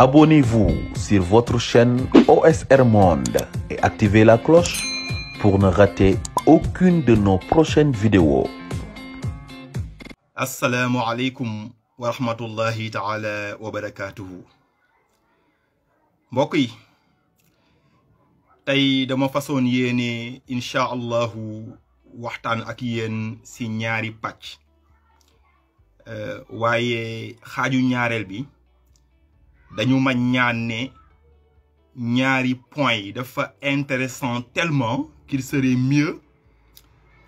Abonnez-vous sur votre chaîne OSR Monde et activez la cloche pour ne rater aucune de nos prochaines vidéos. asalaamualeykum wa rahmatullahi taala wa barakaatuhu. mbokk yi tey dama façon yéene incha allahu waxtaan ak yéen si ñaari pàcc euh, waaye xaaju ñaareel bi. dañu ma ñaan ne ñaari point yi dafa intéressant tellement qu'il serait mieux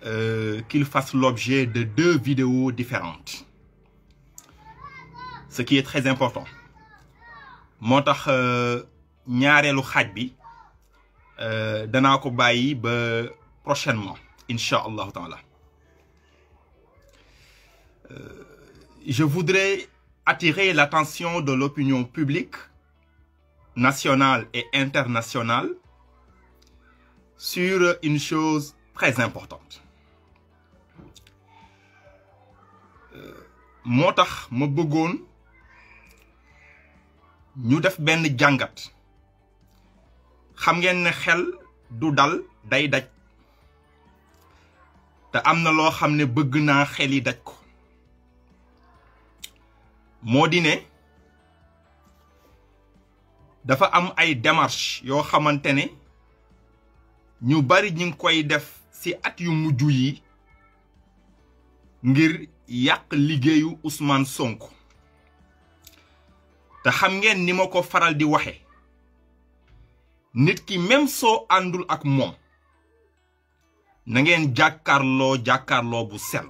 euh, qu'il fasse l'objet de deux vidéos différentes ce qui est très important moo tax euh, ñaareelu xaaj bi euh, danaa ko bàyyi ba prochainement incha allahu taala euh, je voudrais attirer l'attention de l'opinion publique nationale et internationale sur une chose très importante euh, moo tax ma bëggoon ñu def benn jàngat xam ngeen ne xel du dal day daj te am na loo xam ne bëgg naa xel yi daj ko moo di ne dafa am ay démarches yoo xamante ne ñu bari ñu koy def ci at yu mujj yi ngir yàq liggéeyu Ousmane sonk te xam ngeen ni ma ko faral di waxe nit ki même soo àndul ak moom na ngeen jàkkarloo jàkkaarloo bu sell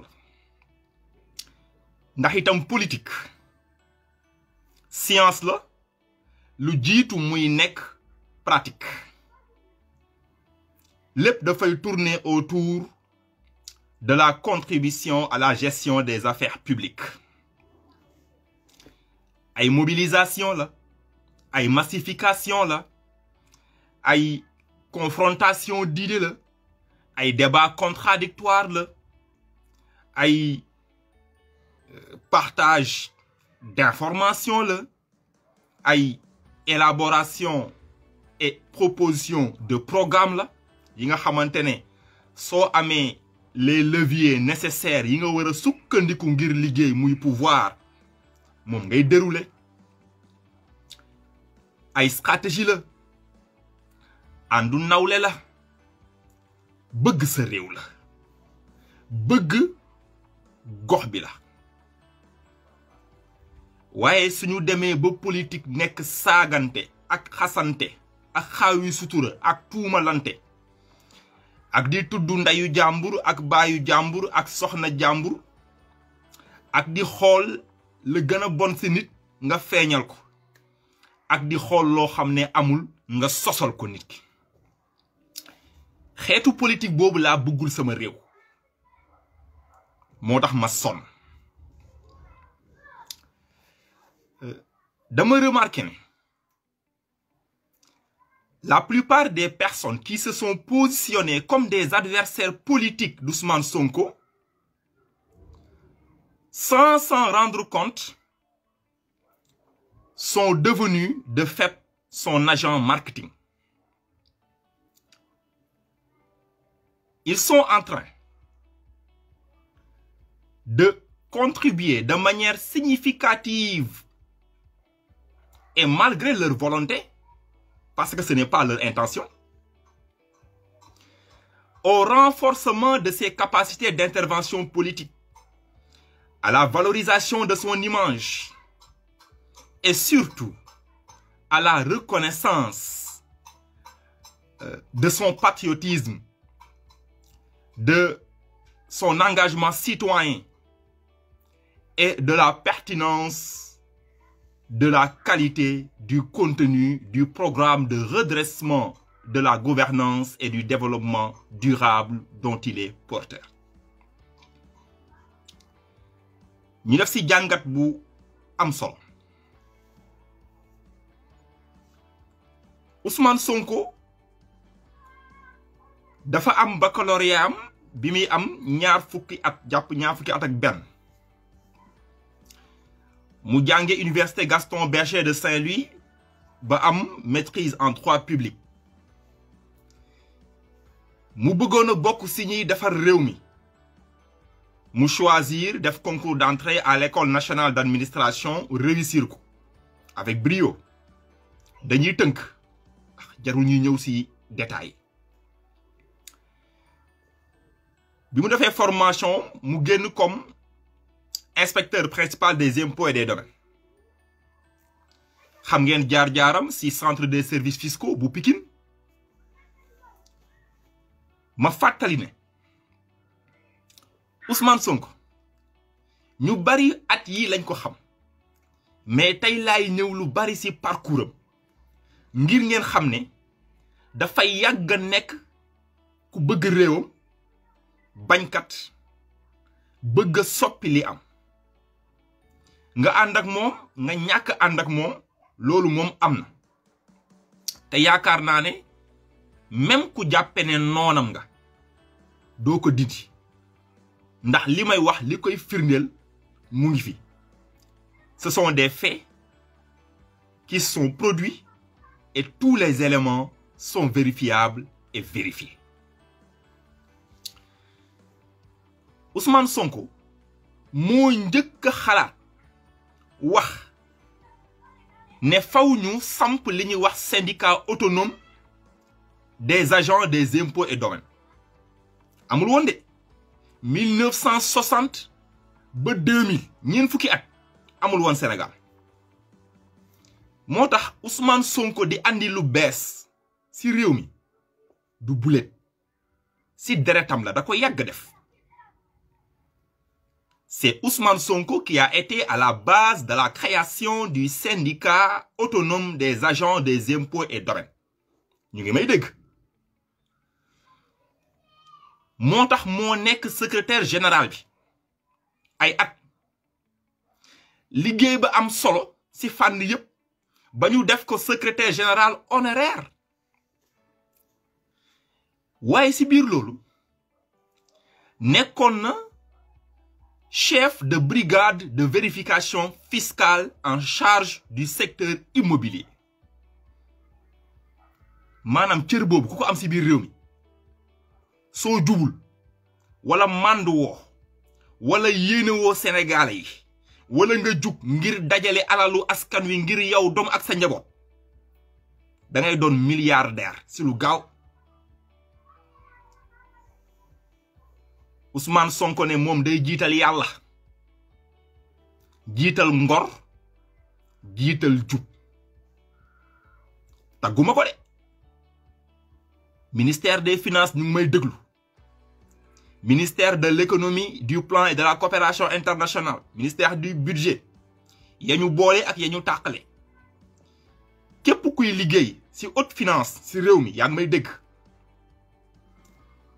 ndax itam politique. science la lu jiitu muy nekk pratique lépp dafay tourner autour de la contribution à la gestion des affaires publiques ay mobilisation la ay massification la ay confrontation d'idées la ay débat contradictoire la ay euh, partage d'information la ay élaboration et proposition de programme la yi nga xamante ne soo amee les leviers nécessaire yi nga war a sukkandiku ngir liggéey muy pouvoir moom ngay dérouler ay stratégie la àndu nawle la bëgg sa réew la bëgg gox bi la waaye suñu demee ba politik nekk saagante ak xasante ak xawi sutura ak tuumalante ak di tudd ndeyu jàmbur ak baayu jàmbur ak soxna jàmbur ak di xool la gën a bon si nit nga feeñal ko ak di xool loo xam ne amul nga sosal ko nit xeetu politik boobu laa bëggul sama réew moo tax ma sonn dama remarqué ne la plupart des personnes qui se sont positionnées comme des adversaires politiques d'Ousmane Sonko sans s'en rendre compte sont devenues de fait son agent marketing ils sont en train de contribuer de manière significative et malgré leur volonté, parce que ce n'est pas leur intention, au renforcement de ses capacités d'intervention politique, à la valorisation de son image et surtout à la reconnaissance euh, de son patriotisme, de son engagement citoyen et de la pertinence de la qualité du contenu du programme de redressement de la gouvernance et du développement durable dont il est porteur ñu def ci jàngat bu am solo Ousmane Sonko dafa am baccalauréat bi muy am ñaar fukki at jàpp ñaar fukki at ak benn mu jànge université Gaston Berger de Saint-Louis ba am maitrise en droit public mu bëggoon a bokk si ñuy defar réew mi mu choisir def concours d'entrée à l'école nationale d'administration réussir ko avec brio dañuy tënk ah, jarul ñu ñëw si détail bimu defee formation mu génn comme inspecteur principal des impôts et des domaines xam ngeen jaar-jaaram si centre des services fiscaux bu Pikine ma fàttali ne Ousmane Sonko ñu bari at yii lañ ko xam mais tey laay néew lu bari si parcours ngir ngeen xam ne dafay yàgg a nekk ku bëgg réewam bañkat bëgg a soppi li am nga ànd ak moom nga ñàkk ànd ak moom loolu moom am na te yaakaar naa ne même ku jàppe ne noonam nga doo ko dindi ndax li may wax li koy firndeel mu ngi fi ce sont des faits qui sont produits et tous les éléments sont vérifiables et vérifiés Ousmane Sonko moo njëkk xalaat wax ne faw ñu samp li ñuy wax syndicat autonome des agents des impôts et domaines amul woon de 1960 ba 2000 ñeent fukki at amul woon Sénégal moo tax Ousmane Sonko di andi lu bees ci réew mi du bulet ci deretam la da ko yàgg def C'est Ousmane Sonko qui a été à la base de la création du syndicat autonome des agents des impôts et domaines ñu ngi may dégg moo tax moo nekk secrétaire général bi ay at liggéey ba am solo ci fànn yépp ba ñu def ko secrétaire général honoraire waaye ci biir loolu nekkoon chef de brigade de vérification fiscale en charge du secteur immobilier maanaam cër boobu ku ko am ci biir réew mi soo jubul wala mànd woo wala yéene woo yi wala nga jug ngir dajale alalu askan wi ngir yow doom ak sa njaboot dangay ngay doon milliardaire ci lu gaaw Ousmane Sonko ne moom day jiital yàlla jiital ngor jiital jub tagguma ko de ministère des finances ñu may déglu ministère de l'économie du plan de la coopération internationale ministère du budget yañu boole ak yañu ñu tàqale képp kuy liggéey ci haute finance ci réew mi yaa ngi may dégg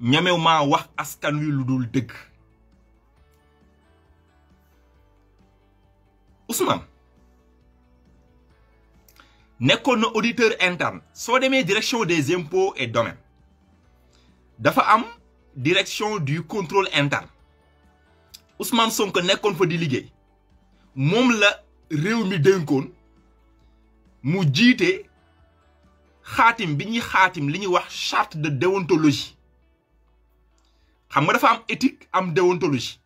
ñamew maa wax askan wi lu dul dëgg Ousmane nekkoon na auditeur interne soo demee direction des impôts et domaines dafa am direction du contrôle interne Ousmane Sonko nekkoon fa di liggéey moom la réew mi dénkoon mu jiite xaatim bi ñuy xaatim li ñuy wax charte de déontologie xam nga dafa am éthique am déontologie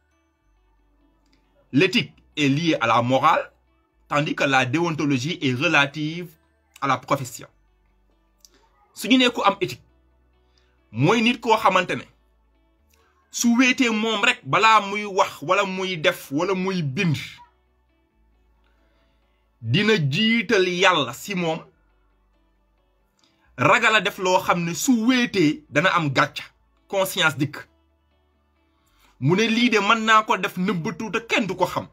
l'éthique est liée à la morale tandis que la déontologie est relative à la profession su ñu nee am éthique mooy nit koo xamante ne su wéetee moom rek balaa muy wax wala muy def walla muy bind dina jiital yàlla si moom ragal a def loo xam ne su wéetee dana am gàcca conscience dikk mu ne lii de mën naa ko def nëbbatu te kenn du ko xam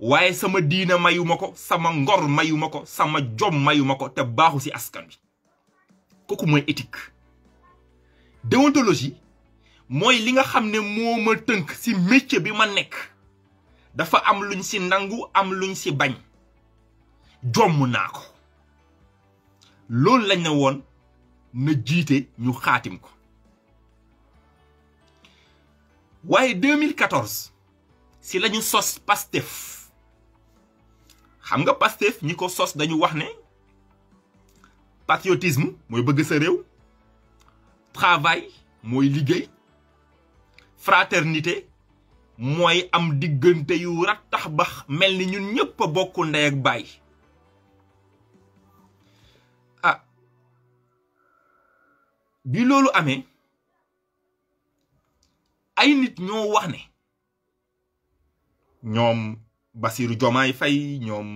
waaye sama diine mayuma ko sama ngor mayuma ko sama jom mayuma ko te baaxu ci askan bi kooku mooy éthique déontologie mooy li nga xam ne moo ma tënk ci métier bi ma nekk dafa am luñ ci nangu am luñ ci bañ jomm naa ko loolu lañ ne woon na jiite ñu xaatim ko waaye 2014 si la sos Pastef xam nga Pastef ñi ko sos dañu wax ne patriotisme mooy bëgg sa réew travail mooy liggéey fraternité mooy am diggante yu rattax ba mel ni ñun ñëpp a bokk ndey ak baay ah bi loolu amee. ay nit ñoo wax ne ñoom Bassirou Diomaye fay ñoom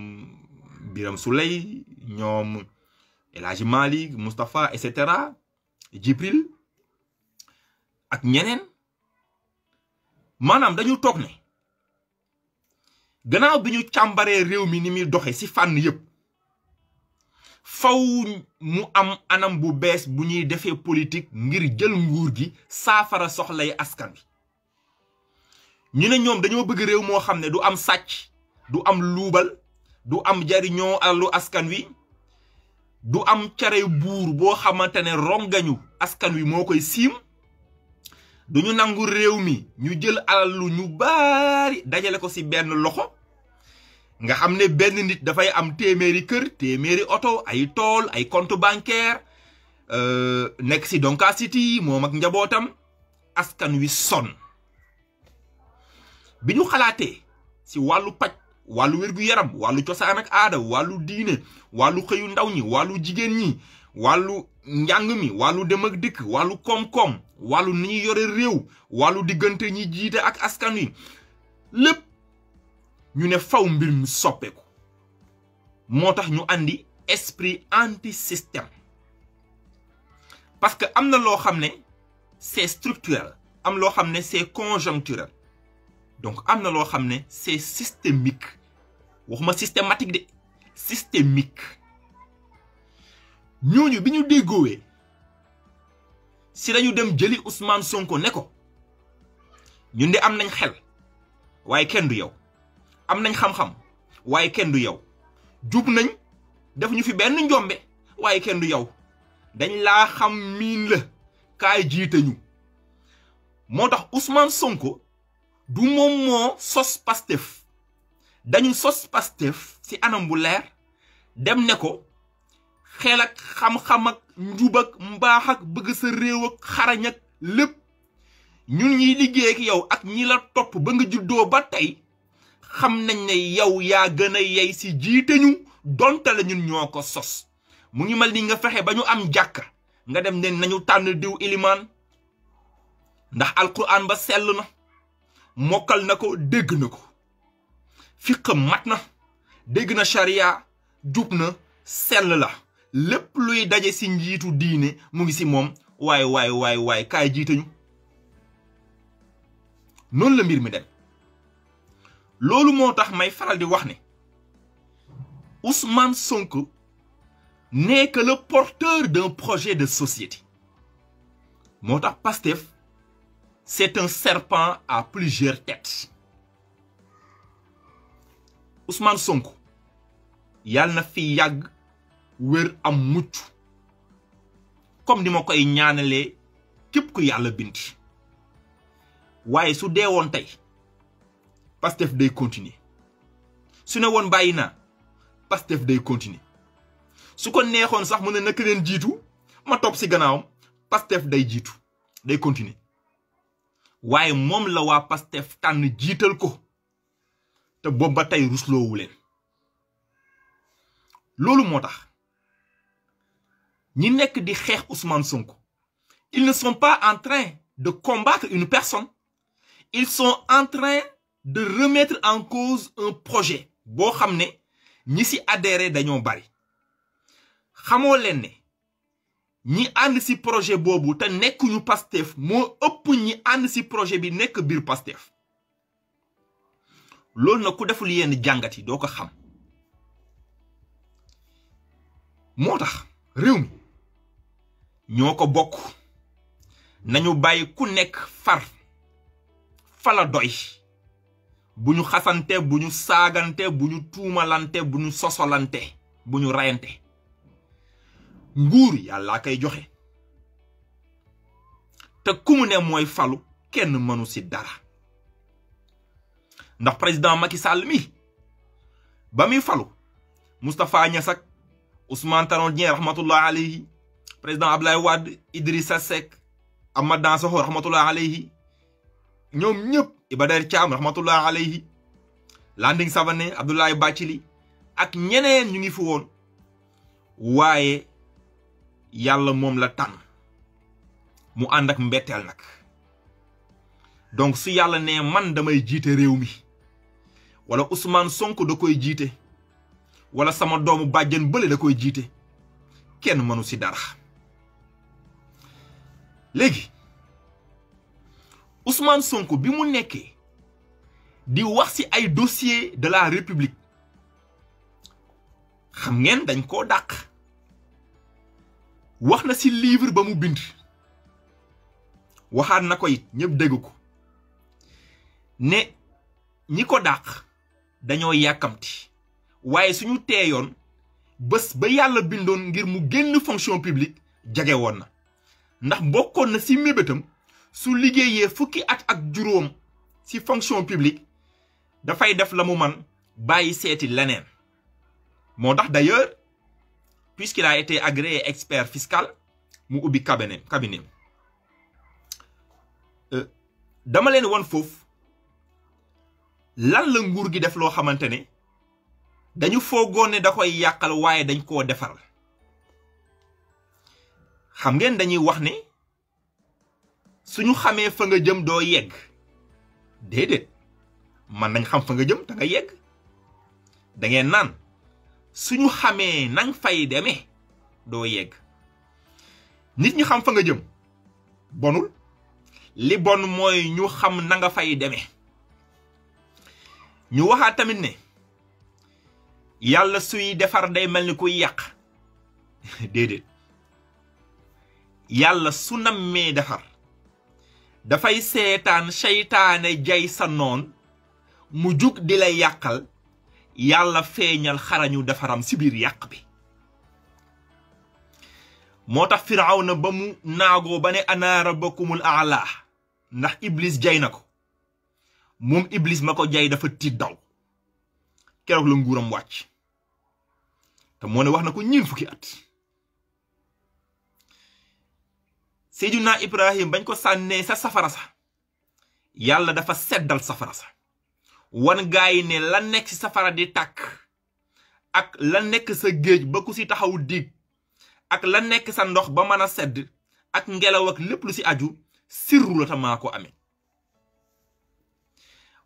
Birame suley ñoom El Hadji Malick Moustapha et cetera Djibril ak ñeneen maanaam dañu toog ne gannaaw bi ñu càmbaree réew mi ni muy doxe ci fànn yépp faw mu am anam bu bees bu ñuy defee politique ngir jël nguur gi saafara soxlay askan wi ñu ne ñoom dañoo bëgg réew moo xam ne du am sàcc du am luubal du am jariñoo alalu askan wi du am cere buur boo xamante ne rongañu askan wi moo koy siim du ñu nangu réew mi ñu jël alal ñu baari dajale ko ci benn loxo nga xam ne benn nit dafay am téeméeri kër téeméeri oto ay tool ay compte bancaire euh, nekk ci Doncaster City moom ak njabootam askan wi sonn bi ñu xalaatee si wàllu paj wàllu wérgu yaram wàllu cosaan ak aada wàllu diine wàllu xëyu ndaw ñi wàllu jigéen ñi wàllu njàng mi wàllu dem ak dikk wàllu koom-koom wàllu ni ñu yore réew wàllu diggante ñi jiite ak askan wi lépp ñu ne faw mbir mi soppeeku moo tax ñu andi esprit anti système parce que am na loo xam ne c'est structurel am loo xam ne c'est conjoncturel donc am na loo xam ne c'est systémique waxuma systématique de systémique ñooñu bi ñu déggoowee si dañu dem jëli Ousmane Sonko né ko ñun de am nañ xel waaye kenn du yow am nañ xam-xam waaye kenn du yow jub nañ def ñu fi benn njombe waaye kenn du yow dañ laa xam miin la kaay jiite moo tax Ousmane Sonko. du moom moo sos Pastef dañu sos Pastef ci anam bu leer dem ne ko xel ak xam-xam ak njub ak mbaax ak bëgg sa réew ak xarañ ak lépp ñun ñuy liggéeyak yow ak ñi la topp ba nga juddoo ba tey xam nañ ne yow yaa gën a yey ci jiite ñu donte ñun ñoo ko sos mu ngi mel ni nga fexe ba ñu am jàkka nga dem ne nañu tànn diw ilimaan ndax alquran ba sell na mokkal na ko dégg na ko fiqam mat na dégg na charia jub na sell la lépp luy daje si njiitu diine mu ngi si moom waay waay waay waay kaay jiitañu noonu la mbir mi dem loolu moo tax may faral di wax ne Ousmane sonk n'est que porteur d'un projet de société moo tax Pastef c'est un serpent à plusieurs têtes Ousmane Sonko yàlla na fi yàgg wér am mucc comme ni ma koy ñaanalee képp ku yàlla bind waaye su deewoon woon tey Pastef day continue su ne woon bàyyi naa Pastef day continuer su ko neexoon sax mu ne naka leen jiitu ma topp si gannaaw Pastef day jiitu day continuer waaye moom la waa Pastef tànn jiital ko te boobu ba tey rusloowu loolu moo tax ñi nekk di xeex Ousmane Sonko ils ne sont pas en train de combattre une personne ils sont en train de remettre en cause un projet boo xam ne ñi si adhéré dañoo bari xamoo leen ne ñi ànd ci projet boobu te nekkuñu Pastef moo ëpp ñi ànd ci projet bi nekk biir Pastef loolu na ku deful yenn jàngat yi doo ko xam moo tax réew mi ñoo ko bokk nañu bàyyi ku nekk far fala doy bu ñu xasante bu ñu saagante bu ñu tuumalante bu ñu sosolante bu ñu rayante nguur yàllaa koy joxe te ku mu ne mooy falu kenn mënu ci dara ndax président Macky Sall mi ba muy falu Moustapha Niass ak Ousmane Tanor Dieng rahmatullah alayhi président Abdoulaye Wade Idrissa Seck Amath Dansokho ñoom ñëpp ba Der Thiam rahmatullah alayhi Landing Savané Abdoulaye Bathily ak ñeneen ñu ngi fi woon waaye yàlla moom la tànn mu ànd ak mbetteel nag donc si yàlla nee man damay jiite réew mi wala Ousmane Sonko da koy jiite wala sama doomu bàjjan bële da koy jiite kenn mënu ci dara léegi usmaan Sonko bi mu nekkee di wax ci ay dossier de la République xam ngeen dañ koo dàq wax na ci livre ba mu bind waxaat na ko it ñëpp dégg ko ne ñi ko dàq dañoo yàkkamti waaye suñu teeyoon bés ba yàlla bindoon ngir mu génn fonction publique jage woon na ndax bokkoon na ci mébétam su liggéeyee fukki at ak juróom ci fonction publique dafay def la mu man bàyyi seeti leneen moo tax puisqu'il a été agréé expert fiscal mu ubbi cabinet cabinet euh, dama leen won foofu lan la nguur gi def loo xamante ne dañu foogoon ne da koy yàqal waaye dañ koo defar xam ngeen dañuy wax ne suñu xamee fa nga jëm doo yegg déedéet man nañ xam fa nga jëm da nga yegg da ngeen naan suñu xamee nang fay deme doo yegg nit ñi xam fa nga jëm bonul li bon mooy ñu xam nanga fay deme ñu waxaat tamit ne yàlla suy defar day mel ni kuy yàq déedéet yàlla su nammee defar dafay seetaan seytaane jay sa noon mu jug di lay yàqal yàlla feeñal xarañu defaram si biir yàq bi moo tax firawna ba mu naagoo ba ne ana rabbakumul aala ndax iblis jay na ko moom iblis ma ko jay dafa tiit daw keroog la nguuram wàcc te moo ne wax na ko ñiin fukki at seyduna ibrahim bañ ko sànnee sa safara sa yàlla dafa seddal safara sa wan gaa yi ne la nekk ci safara di tàkk ak la nekk sa géej ba ku ci taxaw diig ak la nekk sa ndox ba mën a sedd ak ngelaw ak lépp lu ci aju sirru la ta maa ko amee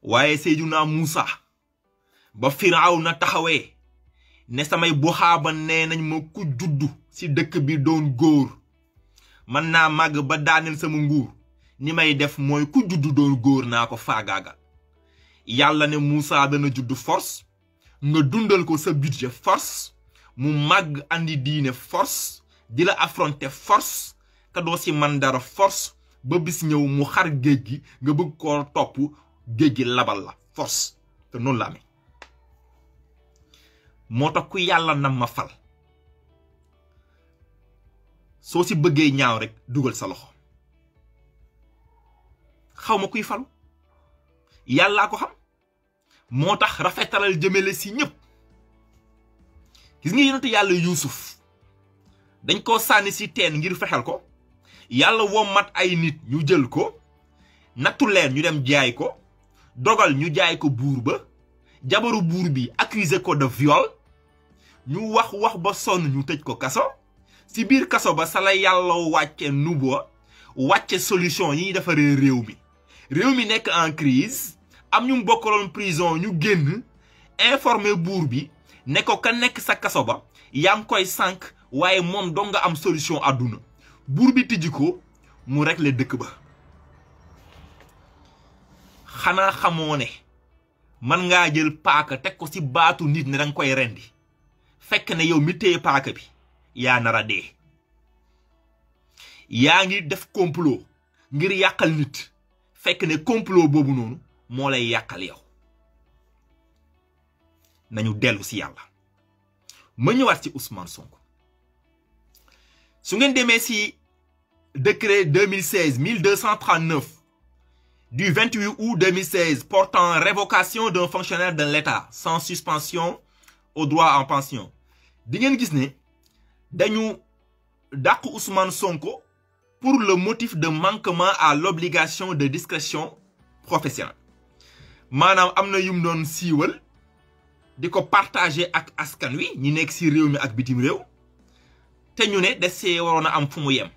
waaye Seydina Muusa ba na taxawee ne samay buxaaba nee nañ ma ku juddu ci dëkk bi doon góor mën naa màgg ba daaneel sama nguur ni may def mooy ku juddu doon góor naa ko faagaagal yàlla ne muusa dana juddu force nga dundal ko sa budget force mu màgg andi diine fors di la affronter force te doo si man dara force ba bis ñëw mu xar géej gi nga bëgg koo topp géej gi labal la force te noonu la amee moo tax ku yàlla nam ma fal soo ci bëggee ñaaw rek dugal sa loxo xaw kuy falu yàllaa ko xam moo tax rafetalal jëmale si ñëpp gis nga yonente yàlla yuusuf dañ ko sànni si teen ngir fexeel ko yàlla wommat ay nit ñu jël ko nattu leen ñu dem jaay ko dogal ñu jaay ko buur ba jabaru buur bi accusé ko de viol ñu wax wax ba sonn ñu tëj ko kaso si biir kaso ba sala yàlla wàcce nuba wàcce solution yi defaree réew mi réew mi nekk en crise am ñu bokkaloon prison ñu génn informé buur bi ne ko ka nekk sa kaso ba yaa ngi koy sànq waaye moom dong nga am solution àdduna buur bi tijji ko mu régler dëkk ba xanaa xamoo ne man ngaa jël paaka teg ko ci baatu nit ne danga koy rendi fekk ne yow mi téye paaka bi yaa nar dee yaa ngi def complot ngir yàqal nit fekk ne complot boobu noonu moo lay yàqal yow nañu dellu si yàlla ma ñëwaat ci Ousmane Sonko su ngeen demee si décret 2016 1239 du 28 août 2016 portant révocation d'un fonctionnaire de l'État sans suspension au droit en pension di ngeen gis ne dañu dàq Ousmane Sonko pour le motif de manquement à l'obligation de discrétion professionnelle maanaam am na yum doon siiwal di ko partagé ak askan wi ñi nekk ci réew mi ak bitim réew te ñu ne desee waroon a am fu mu yem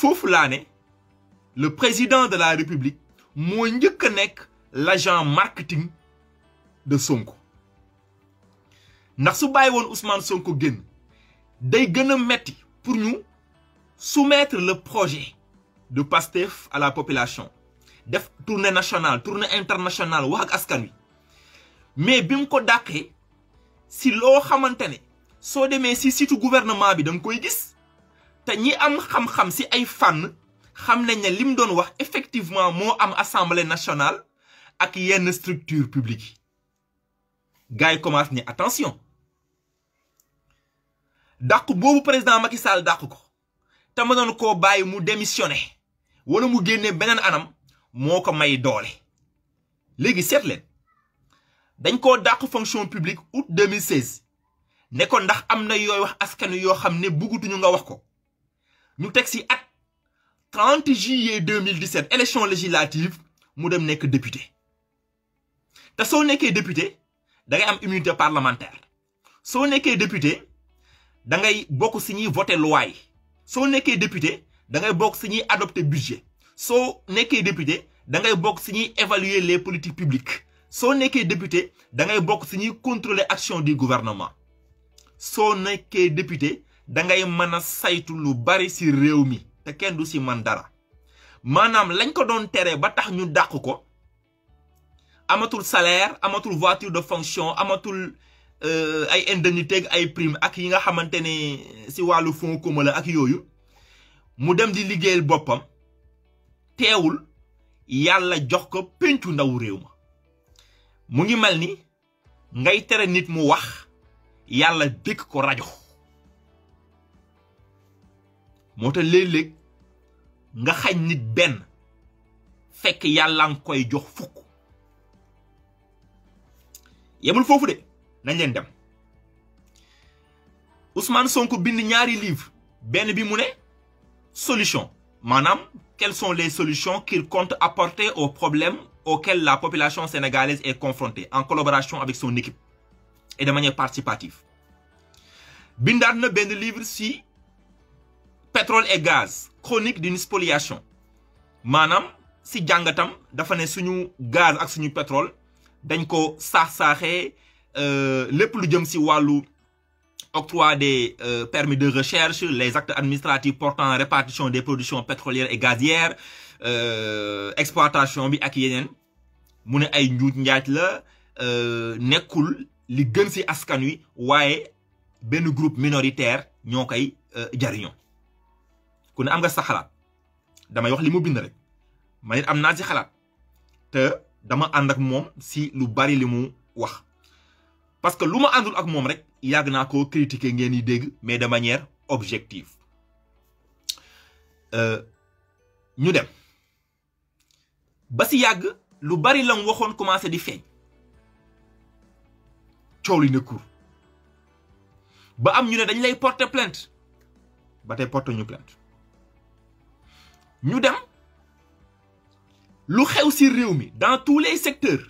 foofu laa ne le président de la république moo njëkk a nekk l'agent marketing de Sonko ndax su bàyyi woon Ousmane Sonko génn day gën metti pour ñu soumettre le projet de PASTEF à la population def tournée nationale tournée internationale wax askan wi mais bi mu ko dàqee si loo xamante ne soo demee si situ gouvernement bi da koy gis te ñi am xam-xam si ay fànn xam nañ ne li mu doon wax effectivement moo am assemblée nationale ak yenn structure publique yi gars yi commence ni attention daq boobu président Macky Sall ko te mënoon koo bàyyi mu démissionné wala mu génnee beneen anam moo ko may doole léegi seet dañ ko dàq fonction publique août 2016 ne ko ndax am na yooy wax askan yoo xam ne buggutuñu nga wax ko ñu teg si at 30 juillet 2017 élection législative mu dem nekk député te soo nekkee député da am immunité parlementaire soo nekkee député da ngay bokk si ñuy voté loi yi soo nekkee député dangay bokk si ñuy adopté budget soo nekkee député da ngay bokk si ñuy évaluer les politiques publiques soo nekkee député da ngay bokk si ñuy contrôler action di gouvernement soo nekkee député da ngay mën a saytu lu bari si réew mi te kenn du si man dara maanaam lañ ko doon tere ba tax ñu dàq ko amatul salaire amatul voiture de fonction amatul Euh, ay indemnité ay prime ak yi nga xamante ni si wàllu fonds commun la ak yooyu mu dem di liggéeyal boppam teewul yàlla jox ko péncu ndaw réew ma mu ngi mel ni ngay tere nit mu wax yàlla dégg ko rajo moo tax léeg-léeg nga xañ nit benn fekk yàlla nga koy jox fukk yemul foofu de nañ leen dem Ousmane Sonko bind ñaari livre benn bi mu ne solution maanaam quelles sont les solutions qu'il compte apporter aux problèmes auxquels la population sénégalaise est confrontée en collaboration avec son équipe et de na benn livre si pétrole et gaz chronique d'une spoliation maanaam si jàngatam dafa ne suñu gaz ak suñu pétrole dañ ko saax-saaxee Euh, lépp lu jëm si wàllu octroi des euh, permis de recherche les actes administratifs portant répartition des productions pétrolières et gazières euh, expoitation bi ak yeneen mu ne ay njuuj njaaj la nekkul li gën si askan wi waaye benn groupe minoritaire ñoo koy jariño ku ne am nga sa xalaat damay wax li mu bind rek man am naa si xalaat te dama ànd ak moom si lu bari li mu wax parce que lu ma àndul ak moom rek yàgg naa koo critiquer ngeen di dégg mais de manière objective euh, ñu dem ba si yàgg lu bari lam waxoon commencé di feeñ coow li ne kur ba am ñu ne dañ lay porter plainte ba tey porter ñu plainte ñu dem lu xew si réew mi dans tous les secteurs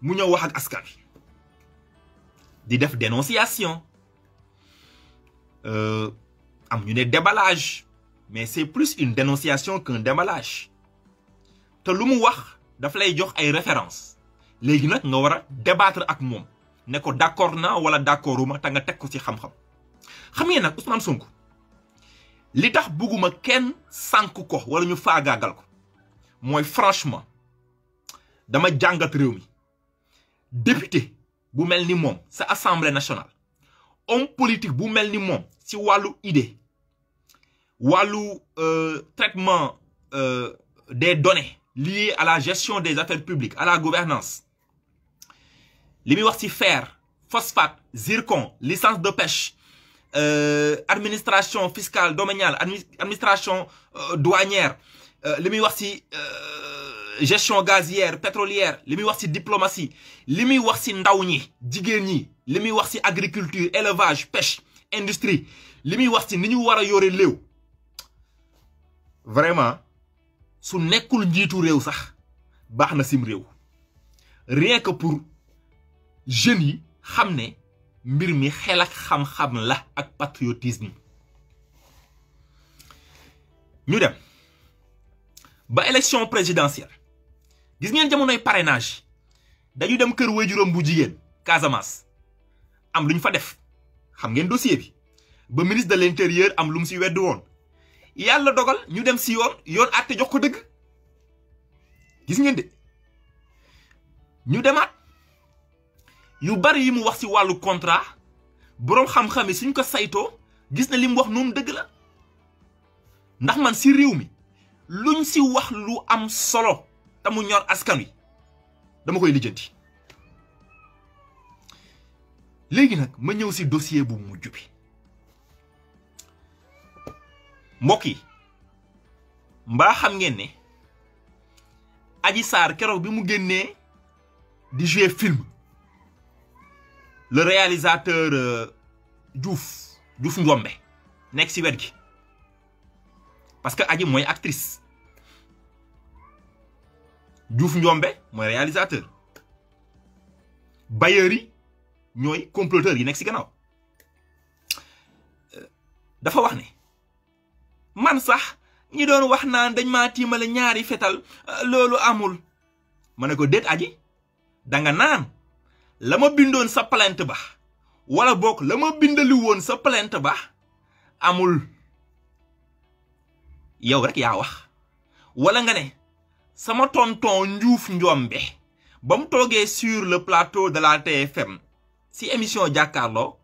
mu ñëw wax ak askan di def dénonciation euh, am ñu ne déballage mais c'est plus une dénonciation qu'un déballage te lu mu wax daf lay jox ay références léegi nag nga war a débattre ak moom ne ko d'accord na wala d'accorduma te nga teg ko ci xam-xam xam ngeen nag Ousmane Sonko li tax bugguma kenn sànk ko wala ñu faagaagal ko mooy franchement dama jàngat réew mi député bu mel ni moom sa assemblée nationale homme politique bu mel ni moom si wàllu idée wàllu euh, traitement euh, des données liées à la gestion des affaires publiques à la gouvernance li muy wax ci fer phosphate zircon licence de pêche euh, administration fiscale domaniale administration douanière li muy wax ci gestion gazière pétrolière li muy wax ci diplomatie li muy wax ci ndaw ñi jigéen ñi li muy wax ci agriculture élevage pêche industrie li muy wax ci ni ñu war a yore léew vraiment su nekkul njiitu réew sax baax na sim réew rien que pour jeunes yi xam ne mbir mi xel ak xam-xam la ak patriotisme ñu dem ba élection présidentielle gis ngeen jamonoy parrainage dañu dem kër waajuram bu jigéen Casamance am lu fa def xam ngeen dossier bi ba ministre de l'intérieur am lu mu si weddu woon yàlla dogal ñu dem si yoon yoon jox ko dëgg gis ngeen de ñu demaat yu bari yi mu wax si wàllu contrat boroom xam-xam yi suñ ko saytoo gis na li mu wax noonu dëgg la ndax man si réew mi luñ si wax lu am solo te mu ñor askan wi dama koy lijjanti léegi nag ma ñëw si dossier bu mujj bi mbokk yi mbaa xam ngeen ne Adji Sarr keroog bi mu génnee di jouer film le réalisateur euh, Diouf Diouf Ngombe nekk si wet gi parce que Adji moy actrice Diouf njombe mooy réalisateur bailleurs yi ñooy comploteurs yi nekk ci gannaaw dafa wax ne man sax ñi doon wax naan dañ ma tiimale ñaari fetal loolu amul ma ne ko déet aji danga naan la ma bindoon sa plainte ba walla boog la ma bindali woon sa plainte ba amul yow rek yaa wax walla nga ne sama tonton Ndiouf Ndiombe ba mu toogee sur le plateau de la TFM si émission jàkkaarloo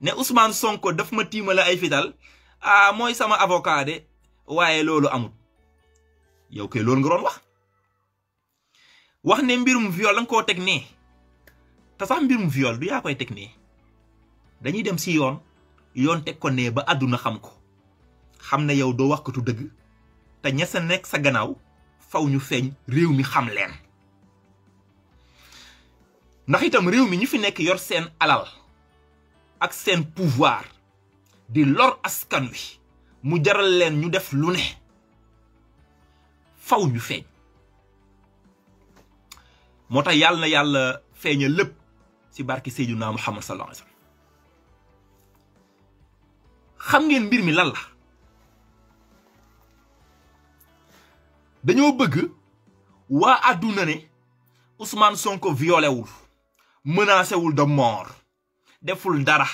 ne Ousmane Sonko daf ma tiimale ay fital ah mooy sama avocat de waaye loolu amut yow kay loolu nga doon wax wax ne mbirum viol da nga koo teg nee te sax mbirum viol du yaa koy teg nee dañuy dem si yoon yoon teg ko nee ba àdduna xam ko xam na yow doo wax ko tu dëgg te ña sa nekk sa gannaaw faw ñu feeñ réew mi xam leen ndax itam réew mi ñu fi nekk yor seen alal ak seen pouvoir di lor askan wi mu jaral leen ñu def lu ne faw ñu feeñ moo tax yàlla na yàlla feeña lépp ci barki Seydina Muhammad sallallahu alayhi wa sallam xam ngeen mbir mi lan la dañoo bëgg waa àdduna ne usmaan Sonko violé wul menacé wul de mort deful dara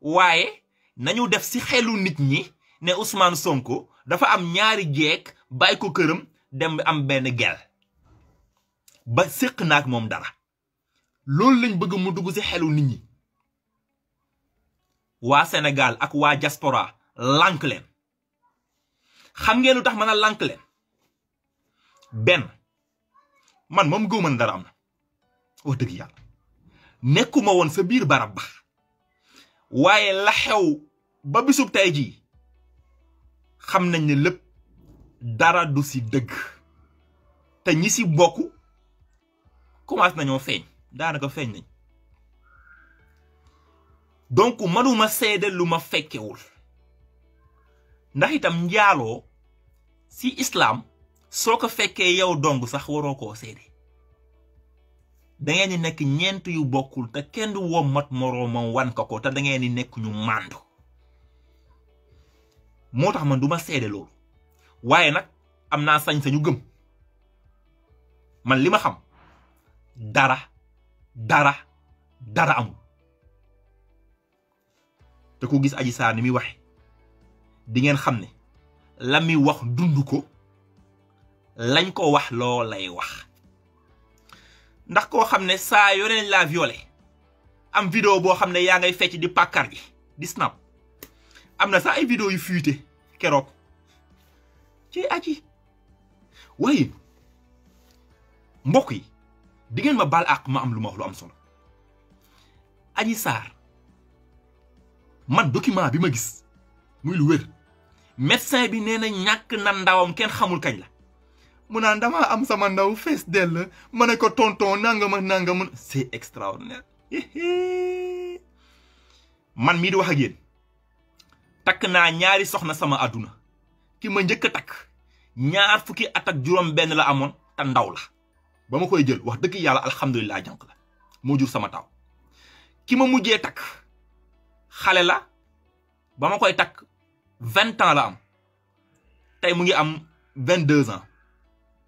waaye nañu def ci xelu nit ñi ne usmaan Sonko dafa am ñaari jeeg bàyyi ko këram dem am benn gel ba séq naak moom dara loolu lañ bëgg mu dugg si xelu nit ñi waa senegal ak waa diaspora lànk leen xam ngeen lu tax mën a lànk benn man moom gëw mën dara am na wax dëgg yàlla nekkuma woon sa biir barab ba waaye la xew ba bisub tey jii xam nañ ne lépp dara du si dëgg te ñi si bokk commencé nañoo feeñ daanaka feeñ nañ donc manuma seede lu ma fekkewul ndax itam njaaloo si islaam soo ko fekkee yow dong sax waroo koo seede dangeen ngeen di nekk ñeent yu bokkul te kenn du woo mat moroomam wan ko ko te dangeen di nekk ñu màndu moo tax man du ma seede loolu waaye nag am naa sañ-sañu gëm man li ma xam dara dara dara amul te ku gis Adji Sarr ni muy waxe dingeen xam ne la muy wax dund ko. lañ ko wax loo lay wax ndax koo xam ne saa yore lañ laa violé am vidéo boo xam ne yaa ngay fecc di pàkkar ji di snap am na sax ay vidéo yu fuité keroog ci aji waaye mbokk yi di ngeen ma baal àq ma am lu ma wax lu am solo Adji Sarr man document bi ma gis muy lu wér médecin bi nee na ñàkk na ndawam kenn xamul kañ la mu naan damaa am sama ndaw fees dell ma ne ko tonton nangam ak nangam c'est extraordinaire man mii di wax a yéen takk naa ñaari soxna sama àdduna ki ma njëkk a takk ñaar fukki at ak juróom benn la amoon te ndaw la ba ma koy jël wax dëgg yàlla alhamdulilah jànq la moo jur sama taaw ki ma mujjee takk xale la ba ma koy takk vingt ans la am tey mu ngi am vingt deux ans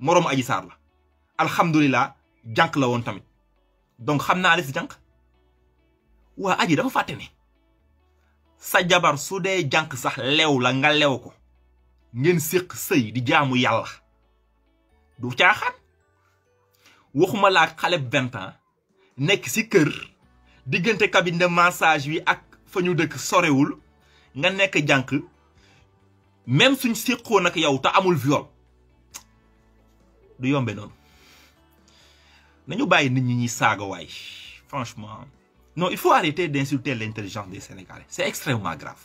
moroom aji saar la alhamdulilah jànq la woon tamit donc xam naa alis jànq waa aji dafa fàtte ne sa jabar su dee jànq sax lew la nga lew ko ngeen séq sëy di jaamu yàlla du caaxaan waxuma laa xale vingt ans nekk si kër diggante cabinet de massage bi ak fa ñu dëkk sorewul nga nekk jànq même suñ séqoo nag yow te amul viol du yombe noonu nañu bàyyi nit ñi ñuy saaga waay franchement non il faut arrêter d'insulter l'intelligence des Sénégalais c'est extrêmement grave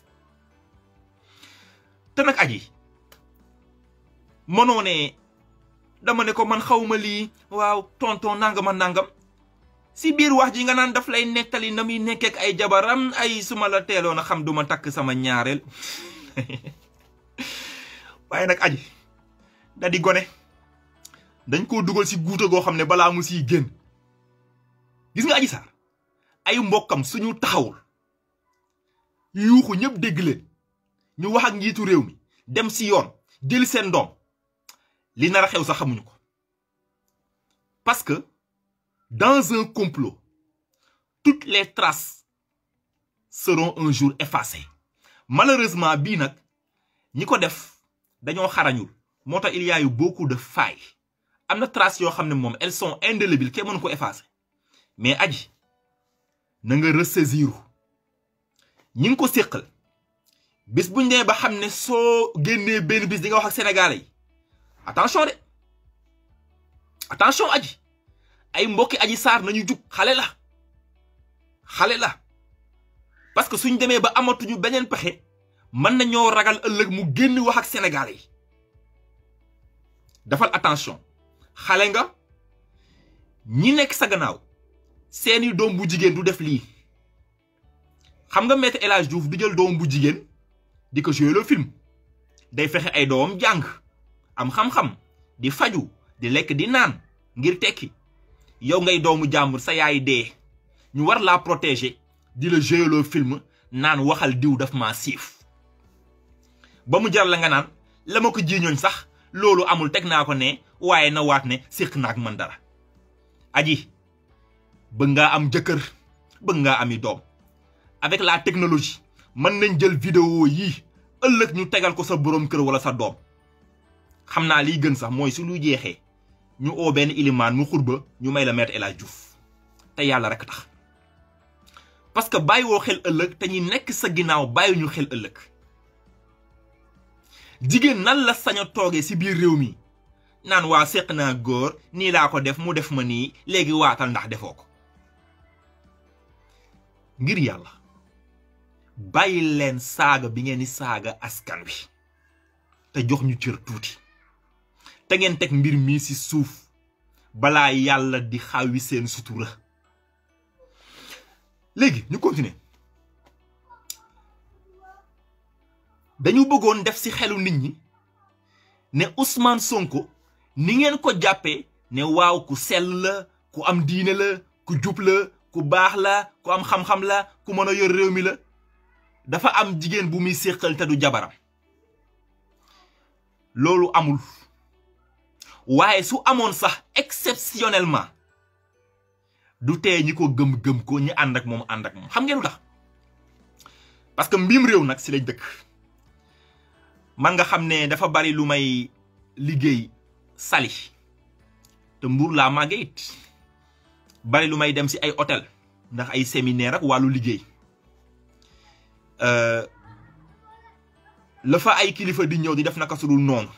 te nag aji mënoo dama ne ko man xawma lii waaw tonton nangama nangam si biir wax ji nga naan daf lay nettali na muy nekkeek ay jabaram ay suma la teeloon a xam duma takk sama ñaareel waaye nag aji da gone dañ koo dugal si guuta goo xam ne balaa mu siy génn gis nga Adji Sarr ay mbokkam suñu taxawul yuuxu ñëpp dégg leen ñu wax ak njiitu réew mi dem si yoon jël seen doom li nar a xew sax xamuñu ko parce que dans un complot toutes les traces seront un jour effacées malheureusement bii nag ñi ko def dañoo xarañul moo tax il y a eu beaucoup am na traces yoo xam ne moom elles sont indélébiles kenn mënu ko effacer mais aji na nga ressaisir ñi ngi ko séqal bis buñ demee ba xam ne soo génnee benn bis di nga wax ak sénégalais yi attention de attention aji ay mbokki aji saar nañu jug xale la xale la parce que suñ demee ba amatuñu beneen pexe mën nañoo ragal ëllëg mu génni wax ak sénégalais yi dafal attention xale nga ñi nekk sa gannaaw seeni doom bu jigéen du def lii xam nga Maître El Hadji Diouf du jël doom bu jigéen di ko jouer le film day fexe ay doomam jàng am xam-xam di faju di lekk di naan ngir tekki yow ngay doomu jàmbur sa yaay dee ñu war laa protéger di la jouer film naan waxal diw daf ma siif ba mu jar la nga naan la ma ko jiiñoon sax loolu amul teg naa ko ne waaye na waat ne séq ak man dara aji bëgg ngaa am jëkkër bëgg ngaa ami doom avec la technologie mën nañ jël vidéo yi ëllëg ñu tegal ko sa borom kër walla sa doom xam naa lii gën sax mooy su lu jeexee ñu oo benn ilimaan mu xurba ñu may la Maître El Hadji te yàlla rek tax parce que bàyyiwoo xel ëllëg te ñi nekk sa ginnaaw ñu xel ëllëg jigéen nan la sañ a toogee si biir réew mi naan waa séq naa góor nii laa ko def mu def ma nii léegi waatal ndax defoo ko ngir yàlla bàyyi leen saaga bi ngeen di saaga askan wi te jox ñu cër tuuti te ngeen teg mbir mii ci suuf balaa yàlla di xawi seen sutu sutura léegi ñu continuer dañu bëggoon def ci xelu nit ñi ne Ousmane Sonko ni ngeen ko jàppee ne waaw ku sell la ku am diine la ku jub la ku baax la ku am xam-xam la ku mën a yor réew mi la dafa am jigéen bu muy séqal te du jabaram loolu amul waaye su amoon sax exceptionnellement du tee ñi ko gëm-gëm ko ñi ànd ak moom ànd ak moom xam ngeen lu tax parce que mbiim réew nag si lañ dëkk man nga xam ne dafa bari lu may liggéey Saly te Mbour laa màggee it bari lu may dem ci ay hôtel ndax ay séminaire ak wàllu liggéey euh, la fa ay kilifa di ñëw di def naka sudul noonu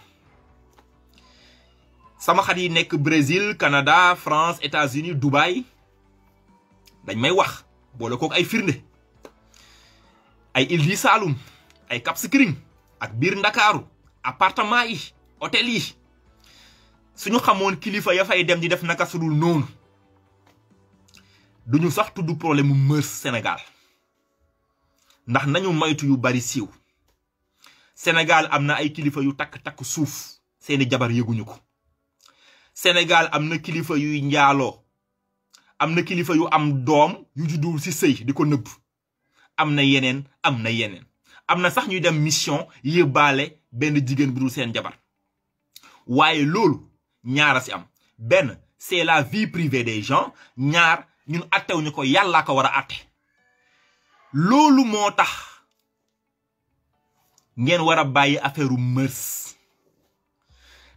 sama xat yi nekk Brésil Canada France États-Unis Dubaï dañ may wax boole kook ay firnde ay îles yi Saloum ay Cap Skirring ak biir Ndakaaru appartement yi hôtel yi suñu xamoon kilifa ya fay dem di def naka sudul noonu duñu sax tudd problème mu mœurs Sénégal ndax nañu maytu yu bari siiw Sénégal am na ay kilifa yu takk-takk suuf seeni jabar yëguñu ko Sénégal am na kilifa yuy njaaloo am na kilifa yu am doom yu juddul ci sëy di ko nëbb am na yeneen am na yeneen am na sax ñuy dem mission yëbbaale benn jigéen bu dul seen jabar waaye loolu ñaara si am benn c'est la vie privée des gens ñaar ñun attewuñu ko yàllaa ko war a atte loolu moo tax ngeen war a bàyyi affaire u mërs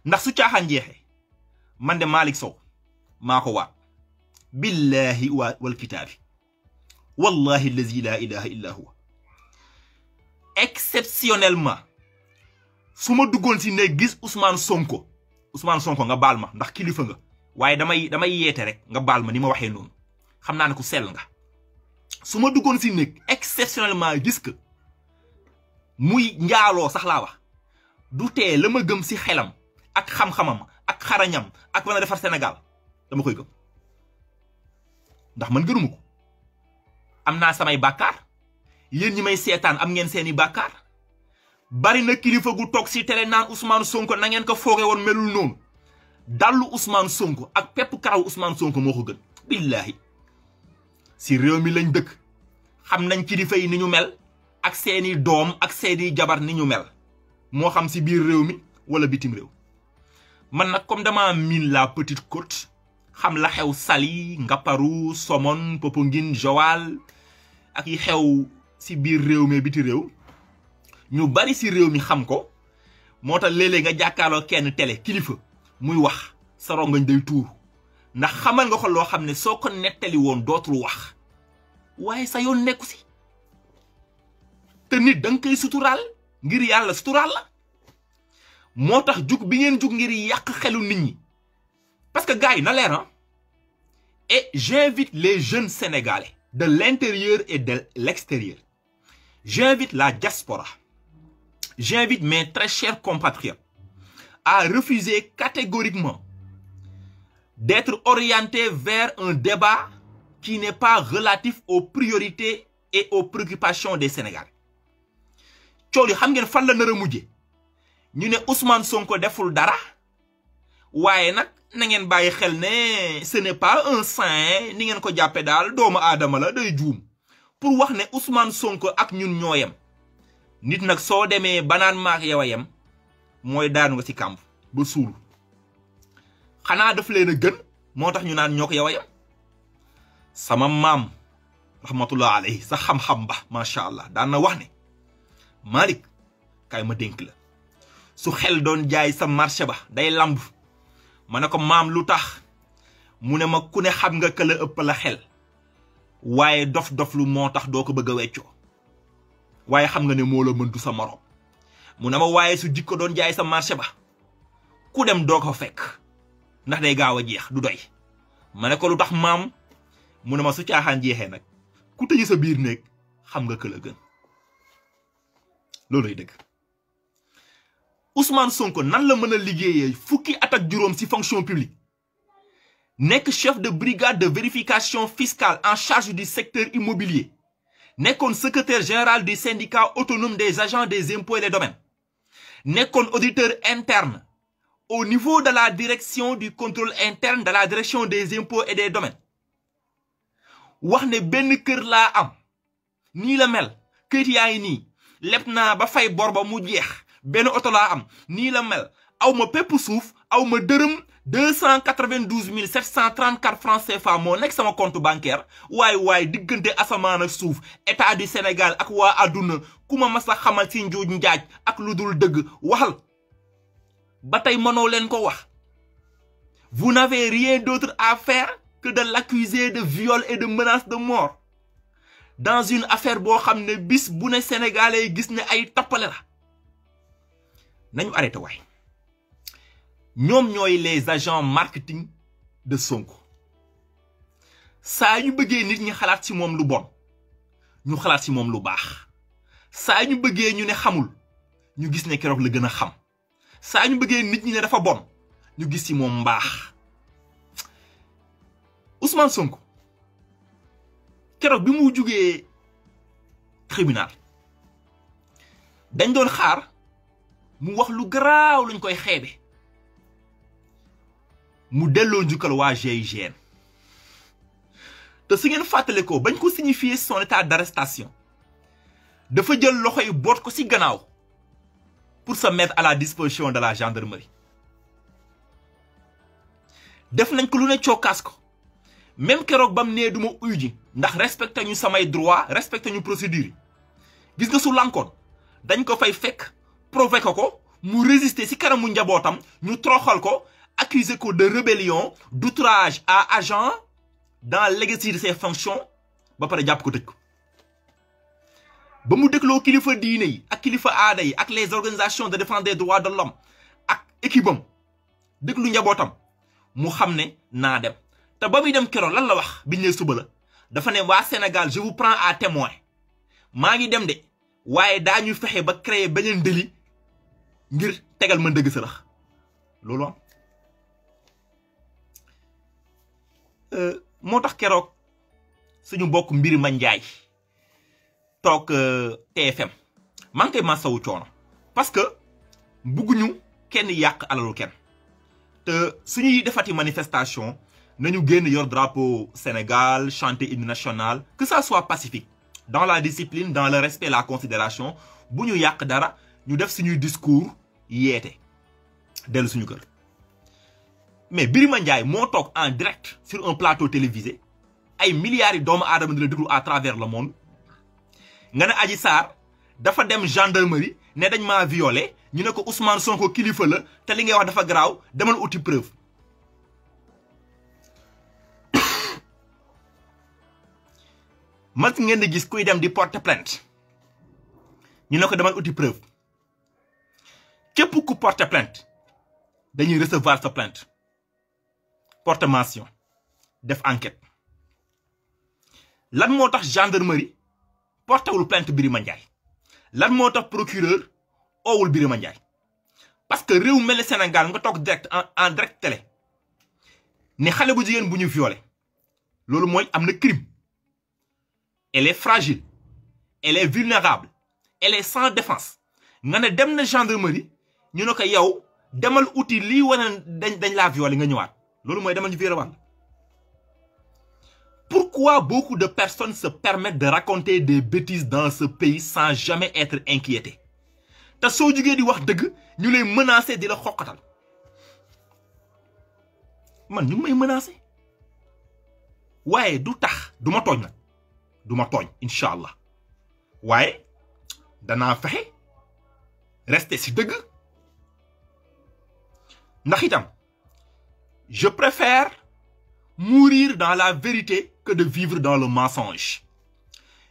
ndax su caaxaan jeexee man de Malick Sow maa ko waat billahi wal kitaabi wallahi exceptionnellement su ma duggoon si ne gis Ousmane Sonko Ousmane Sonko nga baal ma ndax kilifa nga waaye damay damay yeete rek nga baal ma ni ma waxee noonu xam naa ne ku sell nga su ma duggoon si néeg exceptionnellement gis que muy njaaloo sax laa wax du tee la ma gëm si xelam ak xam-xamam ak xarañam ak mën a defar Sénégal dama koy gëm ndax man gënuma ko am naa samay bàkkaar yéen ñi may seetaan am ngeen seeni bàkkaar bari na kilifa gu toog si télé naan usmaan Sonko nangeen ngeen ko foogee woon melul noonu dallu Ousmane Sonko ak pepp karaw Ousmane Sonko moo ko billaahi si réew mi lañ dëkk xam nañ kilifa yi ni ñu mel ak seeni doom ak seeni jabar ni ñu mel moo xam si biir réew mi wala bitim réew man na comme dama miin la petite côte xam la xew Saly Ngaparou Somone ngin Joal ak yi xew si biir réew mi biti réew ñu bari si réew mi xam ko moo tax léeg nga jàkkaarloo kenn tele kilifa muy wax sa rongañ day tuur ndax xamal nga ko loo xam ne soo ko nettali woon dootul wax waaye sa yoon nekku si te nit da nga koy suturaal ngir yàlla suturaal la moo tax jug bi ngeen jug ngir yàq xelu nit ñi parce que gars yi na leer et j'invite les jeunes sénégalais de l'intérieur et de l'extérieur j'invite la diaspora j'invite mais très chers compatriotes à refuser catégoriquement d'être orientés vers un débat qui n'est pas relatif aux priorités et aux préoccupations des Sénégalais coow li xam ngeen fan la nar mujje ñu ne Ousmane Sonko deful dara waaye nag na ngeen bàyyi xel ne ce n'est pas un saint ni ngeen ko jàppe daal doomu aadama la day juum pour wax ne Ousmane Sonko ak ñun ñooyam nit nag soo demee banaan maak yow yem mooy daanu nga ci kàmb ba suulu xanaa daf leen a gën moo tax ñu naan ñoo ko yow sama maam rahmatullah alayhi sa xam-xam ba macha allah daan na wax ne Malick kaay ma dénk la su xel doon jaay sa marché ba day lamb ma ne ko maam lu tax mu ne ma ku ne xam nga ka la ëpp la xel waaye dof-dof moo tax doo ko bëgg a weccoo waaye xam nga ne moo la mën du sa morom mun ne ma waaye su jikko doon jaay sa marché ba ku dem doo ko fekk ndax day gaaw a jeex du doy ma ne ko lu tax maam mu ne ma su caaxaan jeexee nag ku tëj sa biir néeg xam nga kël a gën looloy dëgg Ousmane Sonko nan la mën a liggéeyee fukki at juróom ci fonction publique nekk chef de brigade de vérification fiscale en charge du secteur immobilier nekkoon secrétaire général du syndicat autonome des agents des impôts et des domaines nekkoon auditeur interne au niveau de la direction du contrôle interne de la direction des impôts et des domaines wax ne benn kër laa am nii la mel këyit yaa ngi nii leb naa ba fay bor ba mu jeex benn oto laa am nii la mel awma ma pépp suuf aw ma dërëm deux cent quatre mille sept cent trente-quatre francs CFA moo nekk sama compte bancaire waaye waaye diggante asamaan ak suuf état du Sénégal ak waa àdduna ku ma mas a xamal ci njuuj njaaj ak lu dul dëgg waxal ba tey mënoo leen ko wax vous n'avez rien d'autre à faire que de l'accuser de viol et de menace de mort dans une affaire boo xam ne bis bu ne sénégalais gis ne ay tappale la nañu arrêté waay ñoom ñooy les agents marketing de Sonko saa ñu bëggee nit ñi xalaat ci moom lu bon ñu xalaat ci moom lu baax saa ñu bëggee ñu ne xamul ñu gis ne keroog la gën a xam saa ñu bëggee nit ñi ne dafa bon ñu gis ci moom mbaax Ousmane Sonko keroog bi mu jógee tribunal dañ doon xaar mu wax lu garaaw luñ koy xeebe mu delloo njukkal waa GIGN te su ngeen fàttale ko bañ ko signifier son état d'arrestation dafa jël loxo yi boot ko ci gannaaw pour sa mettre à la disposition de la gendarmerie def nañ ko lu ne cookaas ko même keroog ba mu nee du ma uyu ji ndax respecté ñu samay droit respecté ñu procédure gis nga su lankoon dañ ko fay fekk provoqué ko mu résister ci kanamu njabootam ñu troxal ko ak accusé ko de rébellion d'outrage à agent dans l'exercice de ses fonctions ba pare jàpp ko tëj ba mu dégloo kilifa diine yi ak kilifa aada yi ak les organisations de défense des droits de l'homme ak équipe déglu njabootam mu xam ne naa dem te ba muy dem keroo lan la wax bi ne suba la dafa ne waa Sénégal je vous à témoin maa ngi dem de waaye daañu fexe ba créer beneen délit ngir tegal ma dëgg sa lax Euh, moo tax keroog suñu mbokk mbir euh, ma njaay toog TFM maa ngi koy masawu coono parce que bugguñu kenn yàq alalu kenn te suñuy defati manifestation nañu génn yor drapeau Sénégal chanter hymne national que ça soit pacifique dans la discipline dans le respect la considération bu ñu yàq dara ñu def suñuy discours yeete dellu suñu kër mais Birima Ndiaye moo toog en direct sur un plateau télévisé ay milliards yi doomu aadama di la déglu à travers le monde nga ne aji Sarr dafa dem gendarmerie ne dañ maa violé ñu ne ko soo ko kilifa la te li ngay wax dafa garaaw demal uti preuve mas ngeen di gis kuy dem di porter plainte ñu ne ko demal uti preuve képp ku porter plainte dañuy recevoir sa plainte porte mention def enquête lan moo tax gendarmerie portewul plainte Birima Ndiaye lan moo tax procureur oowul Birima Ndiaye parce que réew mel ni Sénégal nga toog direct en direct télé ni xale bu jigéen bu ñu violé loolu mooy am na crime elle est fragile elle est vulnérable elle est sans défense nga ne dem na gendarmerie ñu ne ko yow demal outil lii wane dañ dañ laa violé nga ñëwaat loolu mooy demal ñu virer waat pourquoi beaucoup de personnes se permettent de raconter des bêtises dans ce pays sans jamais être inquiétées te soo jugee di wax dëgg ñu lay menacer di la xoqatal man ñu may menacer waaye du tax du ma tooñ nag du ma tooñ incha allah waaye danaa fexe rester ci dëgg ndax itam. je préfère mourir dans la vérité que de vivre dans le mensonge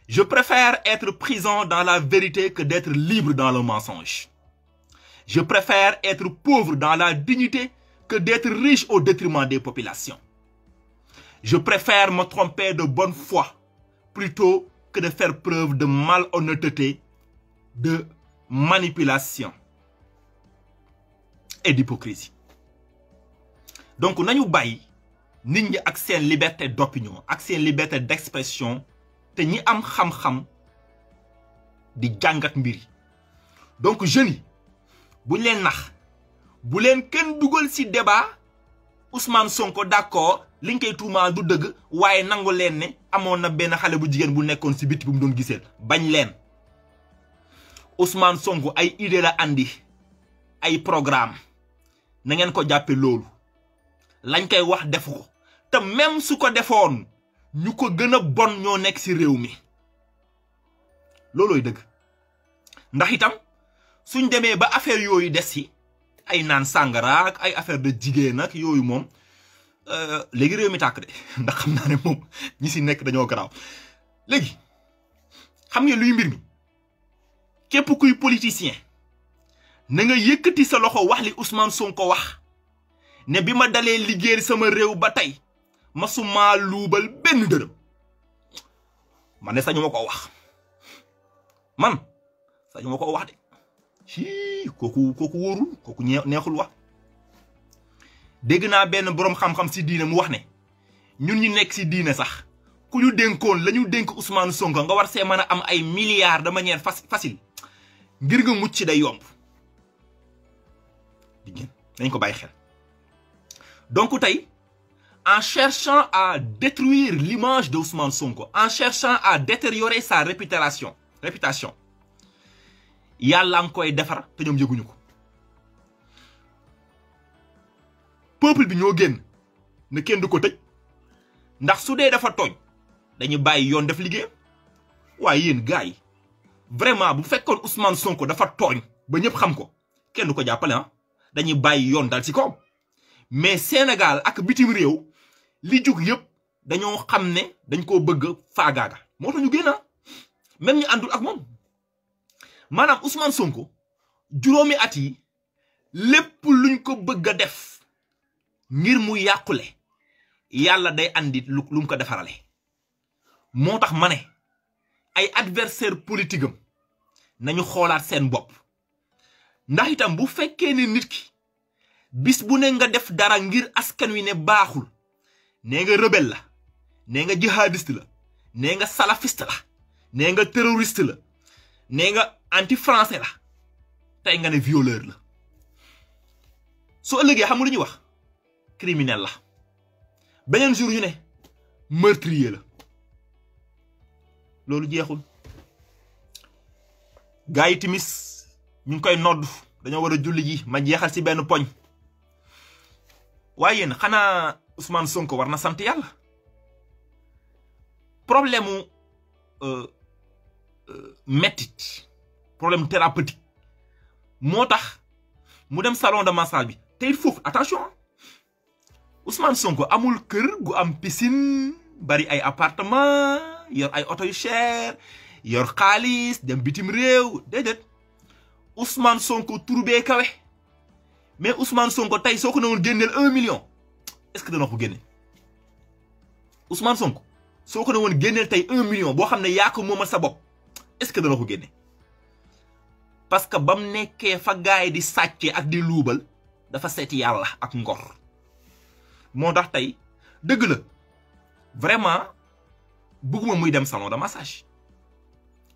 je préfère être prisant dans la vérité que d'être libre dans le mensonge je préfère être pauvre dans la dignité que d'être riche au détriment des populations je préfère me tromper de bonne foi plutôt que de faire preuve de malhonnêteté de manipulation et d'hypocrisie donc nañu bàyyi nit ñi ak seen liberté d'opinion ak seen liberté d'expression te ñi am xam-xam di jàngat mbiri donc jeunes buñ leen nax bu leen kenn dugal ci débat Ousmane Sonko d'accord liñ koy tuumaal du dëgg waaye nangu leen ne amoon na benn xale bu jigéen bu nekkoon ci biti bu mu doon giseel bañ leen Ousmane Sonko ay idée la andi ay programme na ngeen ko jàppe loolu lañ koy wax defu tam te même su ko defoon ñu ko gën a bon ñoo nekk ci réew mi loolooy dëgg ndax itam suñ demee ba affaire yooyu des si ay naan sàngara ak ay affaire de jigéen ak yooyu moom euh, léegi réew mi tàkk de ndax xam naa ne moom ñi ci nekk dañoo garaaw léegi xam nga luy mbir mi képp kuy politicien na nga yëkkati sa loxo wax li Ousmane ko wax ne bi ma dalee liggéey sama réew ba tey masumaa luubal benn dërëm man ne sañu ma ko wax man sañu ma ko wax de ci kooku kooku wóorul kooku neexul wax dégg naa benn boroom xam-xam si diine mu wax ne ñun ñu nekk si diine sax ku ñu dénkoon lañu ñu dénk Ousmane Sonko nga war see mën a am ay milliards de manière facile ngir nga mucc day yomb. di dañ ko bàyyi xel. donc tey en cherchant à détruire l'image de Ousmane Sonko en cherchant à détériorer sa réputation réputation yàlla ngi koy defar te ñoom yëguñu ko peuple bi ñoo génn ne kenn du ko tëj ndax su dee dafa tooñ dañu bàyyi yoon def liggéeyam waaye yéen gars yi vraiment bu fekkoon Ousmane Sonko dafa tooñ ba ñëpp xam ko kenn du ko jàppale ah dañuy bàyyi yoon dal ci ko mais Sénégal ak bitim réew li jug yëpp dañoo xam ne dañ koo bëgg faagaaga moo tax ñu génn même ñu àndul ak moom maanaam son ko juróomi at yi lépp luñ ko bëgg a def ngir mu yàqule yàlla day andi lu mu ko defarale moo tax ma ne ay adversaire politique am nañu xoolaat seen bopp ndax bu fekkee ne nit ki bis bu ne nga def dara ngir askan wi ne baaxul nee nga rebelle la ne nga jihadiste la nee nga salafiste la nee nga terroriste la nee nga anti français la tey nga ne violeur la soo ëllëgee xam nga lu ñuy wax criminel la beneen jour yu ne meurtrier la loolu jeexul gars yi timis ñu ngi koy nodd dañoo war a julli ji ma jeexal ci benn poñ waaye yéen xanaa Ousmane Sonko war na sant yàlla problème mu euh, euh, moo tax mu dem salon de massage bi tey it foofu attention Ousmane Sonko amul kër gu am piscine bari ay appartement yor ay oto yu cher yor xaalis dem bitim réew déedéet Ousmane Sonko turbee kawe. mais Ousmane Sonko tey soo ko newoon génneel un million est-ce que dana ko génne Ousmane Sonko soo ko newoon génneel tey un million boo xam ne yaa ko moomal sa bopp est-ce que dana ko génne parce que ba mu nekkee fa gaay di sàccee ak di luubal dafa seeti yàlla ak ngor moo tax tey dëgg la vraiment bëgguma muy dem salon de massage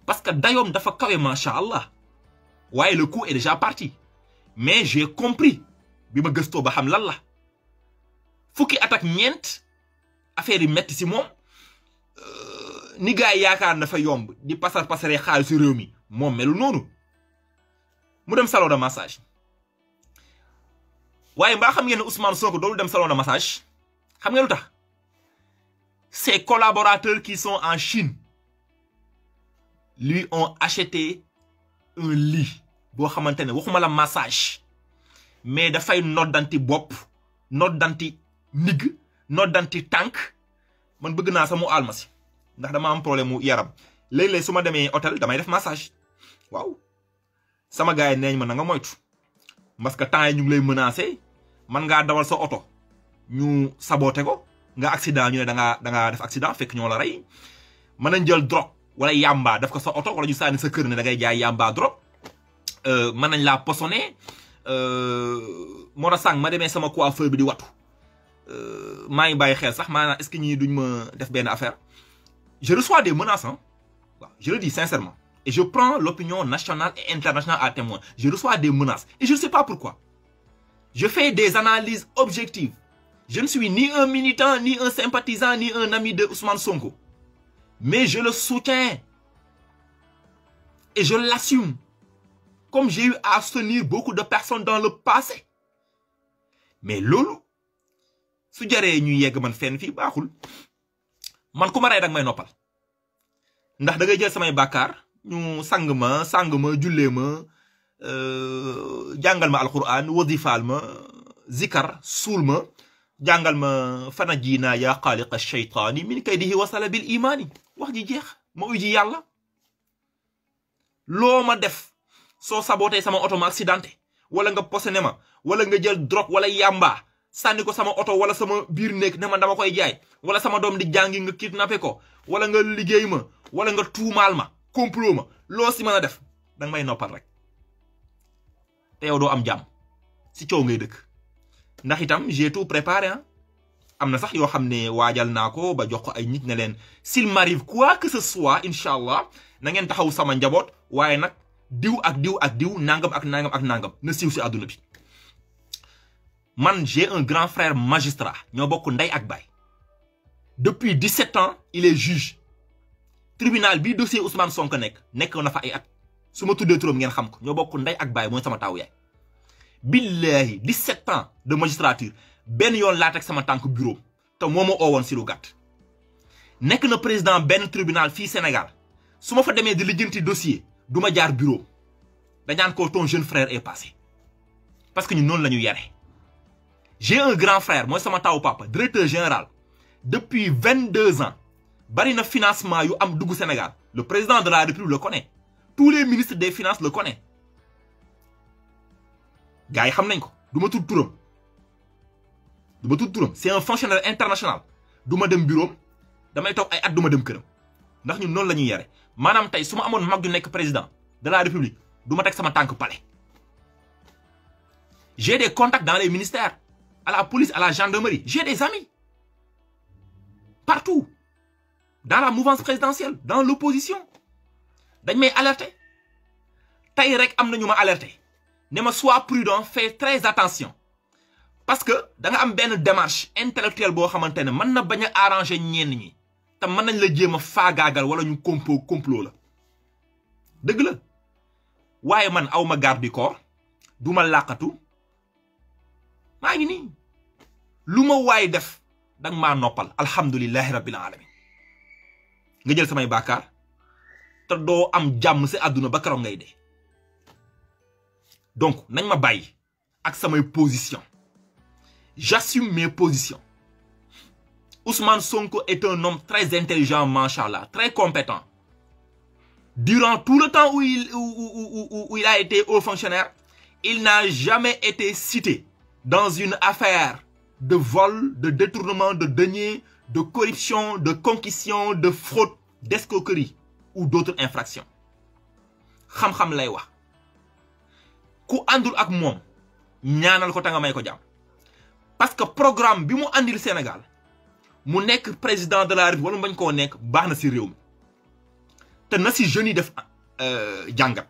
parce que dayoom dafa kawe macha allah waaye la coup est déjà parti. mais j'ai compris bi ma gëstoo ba xam lan la fukki at ñeent affaire yi metti si moom euh, ni gars yaakaar na fa yomb di pasar pasaree xaalisu réew mi moom melul noonu mu dem salon de massage waaye mbaa xam ngeen ne Ousmane Sonko doolu dem salon de massage xam ngeen lu tax ses collaborateur qui son en Chine lui ont acheté un lit boo xamante ne waxuma la massage mais dafay noddanti bopp noddanti ndigg noddanti tànk man bëgg naa sax mu alma ndax dama am problème mu yaram léeg-léeg su ma demee hôtel damay def massage waaw sama gars yi neeñ ma na nga moytu parce que temps yi ñu ngi lay menacé man ngaa dawal sa oto ñu saboté ko nga accident ñu ne da ngaa da ngaa def accident fekk ñoo la rey mën nañ jël drogue wala yamba daf ko sa oto wala ñu sànni sa kër ne da ngay jaay yamba drogue Euh, mën nañ laa posone euh, moo tax sànq ma demee sama coiffeur bi di watu euh, maa ngi bàyyi xel sax maanaam est-ce que ñii duñ ma def benn affaire je reçois des menaces hein waaw je le dis sincèrement et je prends l'opinion nationale et internationale à témoin je reçois des menaces et je ne sais pas pourquoi je fais des analyses objectives je ne suis ni un militant ni un sympathisant ni un ami de Ousmane Sonko mais je le soutiens et je l'assume comme j'ai eu à soutenir beaucoup de personnes dans le passé mais loolu su jaree ñu yegg man fenn fii baaxul man ku ma rey dag may noppal ndax da ngay jël samay bàkkaar ñu sang ma sang ma jullee ma euh, jàngal ma alquran wadifaal ma zikar suul ma jàngal ma fana jiinaa yaa xaaliqa shaytaani min kaydihi wasala bil imaani wax ji jeex ma uji yàlla loo def soo sabootee sama oto ma accidenté wala nga posene ma wala nga jël drogue wala yàmbaa sànni ko sama oto wala sama biir néeg na ma dama koy jaay wala sama doom di jàngi nga kidnappé ko wala nga liggéey ma wala nga tuumaal ma complot ma loo si mën a def danga may noppal rek te yow doo am jàmm si coow ngay dëkk ndax itam j'ai tout préparé am na sax yoo xam ne waajal naa ko ba jox ko ay nit na leen s'il m'arrive quoi que ce soit incha allah na ngeen taxaw sama njaboot waaye nag diw ak diw ak diw nangam ak nangam ak nangam na siiw si àdduna bi man j'ai un grand frère magistrat ñoo bokk ndey ak baay depuis 17 ans il est juge tribunal bii dossier Ousmane sonk nekk nekk na fa ay at su ma tuddee turam ngeen xam ko ñoo bokk ndey ak baay mooy sama taawu yaay billahi 17 ans de magistrature benn yoon laa sama tànk bureau te moo ma oowoon si lu nekk na président benn tribunal fii Sénégal su ma fa demee di lijjanti dossier du ma jaar bureau dañaan ko ton jeune frère est passé parce que ñun noonu la ñu yare j'ai un grand frère mooy sama taw papa directeur général depuis vingt deux ans bari na financement yu am dugg Sénégal le président de la République le connaît tous les ministres des finances le connaît gars yi xam nañ ko du ma tudd turam du ma tudd turam un fonctionnaire international du ma dem bureau damay toog ay at du ma dem këram ndax ñun noonu la ñuy yare maanaam tey su ma amoon mag yu nekk président de la république du ma teg sama tànk palais j'ai des contacts dans les ministères à la police à la gendarmerie j'ai des amis partout dans la mouvance présidentielle dans l'opposition dañ may alerter tey rek am nañu ma alerter ne ma sois prudent fais très attention parce que da nga am benn démarche intellectuelle boo xamante ne mën na bañ a arranger ñenn ñi te mën nañ la jéem a faagaagal wala ñu compo complot la dëgg la waaye man awma garde du ma làqatu maa ngi nii lu ma waay def danga maa noppal alhamdulilahi rabbil alamin nga jël samay bàkkaar te doo am jàmm si àdduna ba keroog ngay de donc nañ ma bàyyi ak samay position j'assume mes positions Ousmane Sonko est un homme très intelligent, Manchallah, très compétent. Durant tout le temps où il, où, où, où, il a été haut fonctionnaire, il n'a jamais été cité dans une affaire de vol, de détournement de deniers, de corruption, de conquisition, de fraude, d'escroquerie ou d'autres infractions. xam-xam lay wax ku àndul ak moom ñaanal ko ta ko jàmm parce que programme bi mu àndil Sénégal mu nekk président de la République wala mu koo nekk baax na si réew mi te na si jeunes yi def euh, jàngat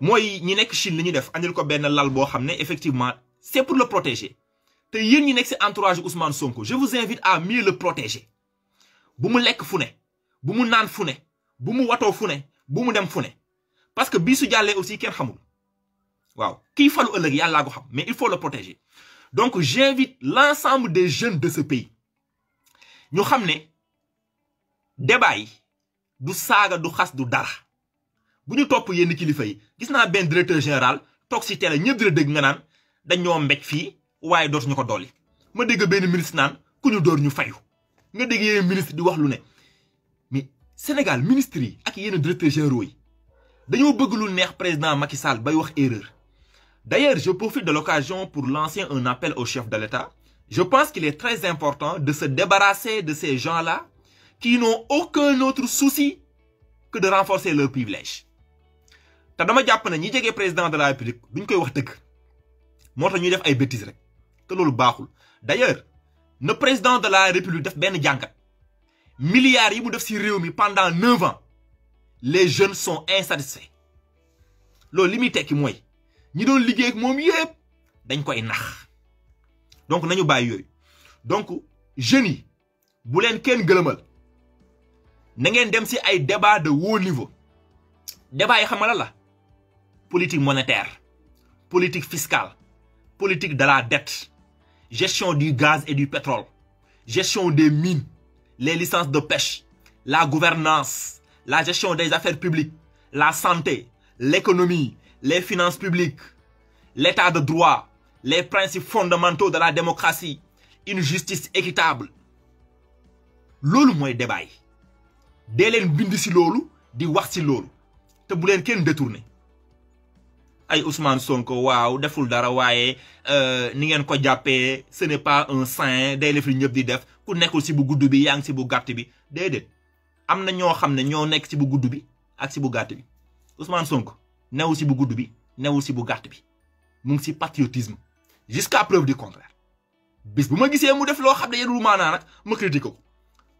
mooy ñi nekk Chine li ñu def andil ko benn lal boo xam ne effectivement c'est pour le protéger te yéen ñi nekk si entourage Ousmane Sonko je vous invite à mieux le protéger bu mu lekk fu ne bu mu naan fu ne bu mu watoo fu ne bu mu dem fune ne parce que bii su jàllee aussi kenn xamul waaw kii falu ëllëg yàllaa ko xam mais il faut le protéger donc j'invite l'ensemble des jeunes de ce pays ñu xam ne débat yi du saaga du xas du dara bu ñu topp yenn kilifa yi gis naa benn directeur général toog si télé ñëpp di la dégg nga naan dañoo mbéj fii waaye dootuñu ko dolli ma dégg benn ministre naan ku ñu dóor ñu fayu nga dégg yeneen ministre di wax lu ne mais Sénégal ministre yi ak yenn directeurs généraux yi dañoo bëgg lu neex président Macky Sall bay wax erreur d'ailleurs je profite de l'occasion pour lancer un appel au chef de l'État Je pense qu'il est très important de se débarrasser de ces gens-là qui n'ont aucun autre souci que de renforcer leur privilège te dama jàpp ne ñi jege président de la république ñu koy wax dëgg moo tax ñuy def ay bêtises rek te loolu baaxul d'ailleurs na président de la république def benn jàngat milliards yi mu def ci réew mi pendant neuf ans les jeunes sont insatisfaits loolu li muy tekki mooy ñi doon liggéey ak moom yépp dañ koy nax donc nañu bàyyi yooyu donc jeunes yi bu leen kenn gëlëmal na ngeen dem si ay débat de haut niveau débat yi xamala la politique monétaire politique fiscale politique de la dette gestion du gaz et du pétrole gestion des mines les licences de pêche la gouvernance la gestion des affaires publiques la santé l'économie les finances publiques l'état de droit les principes fondamentaux de la démocratie une justice équitable loolu mooy débat yi dee leen bind si loolu di wax si loolu te bu leen kenn détourné ay Ousmane Sonko waaw deful dara waaye euh, ni ngeen ko jàppee ce n'est pas un saint day def ñëpp di def ku nekkul ci bu gudd bi yaa ngi si bu gàtt bi déedéet am na ñoo xam ne ñoo nekk ci bu gudd bi ak ci bu gàtt bi Ousmane Sonko newul si bu gudd bi newul si bu gàtt bi mu ngi ci patriotisme jusqu'à preuve du contraire bis bu ma gisee mu def loo xam ne yenul maanaa nag ma critique ko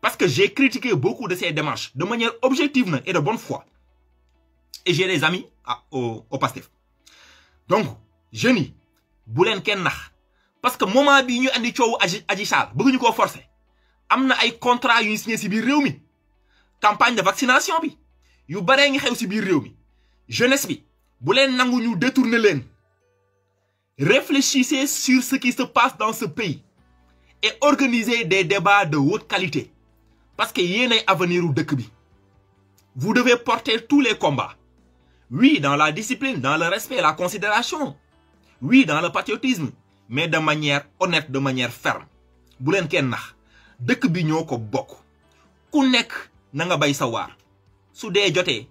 parce que j'ai critiqué beaucoup de ces démarches de manière objective na et de bonne foi et j'ai des amis au au donc jeunes yi bu leen kenn nax parce que moment bii ñu andi coowu aji aji Sarr bëgguñu koo forcer am na ay contrat yu ñu signé si biir réew mi campagne de vaccination bi yu baree ngi xew si biir réew mi jeunesse bi bu leen nangu ñu détourner leen. Réfléchissez sur ce qui se passe dans ce pays et organisez des débats de haute qualité parce que yéen ay avenir u dëkk bi vous devez porter tous les combats oui dans la discipline dans le respect la considération hui dans le patriotisme mais de manière honnête de manière ferme bu leen kenn nax dëkk bi ñoo ko bokk ku nekk na nga bay sa waar su dee jotee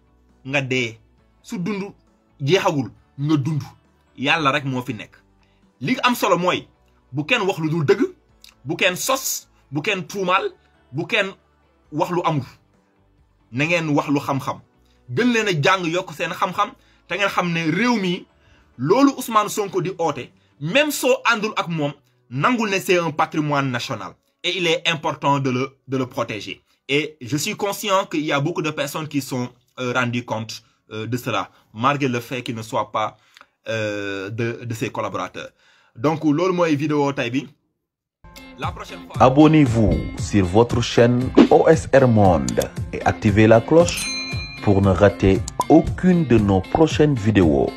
nga dee su dund jeexagul nga dund yàlla rek moo fi nekk li am solo mooy bu kenn wax lu dul dëgg bu kenn sos bu kenn tuumaal bu kenn wax lu amul na ngeen wax lu xam-xam gën leen jàng yokk seen xam-xam te ngeen xam ne réew mi loolu Ousmane Sonko di oote même soo àndul ak moom nangul ne c'est un patrimoine national et il est important de le de le protéger et je suis conscient qu'il y beaucoup de personnes qui sont euh, rendues compte euh, de cela malgré le fait qu'il ne soit pas Euh, de de ses collaborateurs donc loolu mooy vidéo tey bi la prochaine fois abonnez-vous sur votre chaîne OSR Monde et activez la cloche pour ne rater aucune de nos prochaines vidéos